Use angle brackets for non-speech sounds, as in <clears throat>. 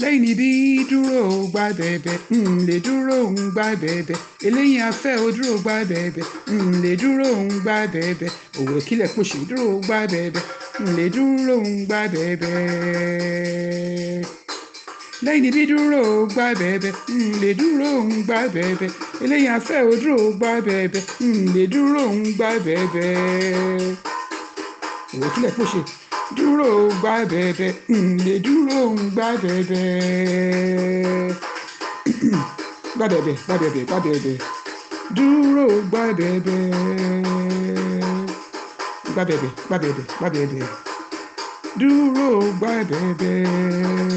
lẹ́yìn níbí dúró gba bẹ̀bẹ̀ ń lè dúró ń gba bẹ̀bẹ̀ eléyìí afẹ́ o dúró gba bẹ̀bẹ̀ ń lè dúró ń gba bẹ̀bẹ̀ òwò kílẹ̀ pòṣì dúró gba bẹ̀bẹ̀ ń lè dúró ń gba bẹ̀bẹ̀ lẹ́yìn níbí dúró gba bẹ̀bẹ̀ ń lè dúró ń gba bẹ̀bẹ̀ eléyìí afẹ́ o dúró gba bẹ̀bẹ̀ ń lè dúró ń gba bẹ̀bẹ̀ òwò kílẹ̀ pòṣì dúró gbá bẹ̀bẹ̀ ǹlẹ̀ dúró gbá bẹ̀bẹ̀ <clears throat> gbá bẹ̀bẹ̀ gbá bẹ̀bẹ̀ gbá bẹ̀bẹ̀ dúró gbá bẹ̀bẹ̀ gbá bẹ̀bẹ̀ gbá bẹ̀bẹ̀ gbá bẹ̀bẹ̀ dúró gbá bẹ̀bẹ̀.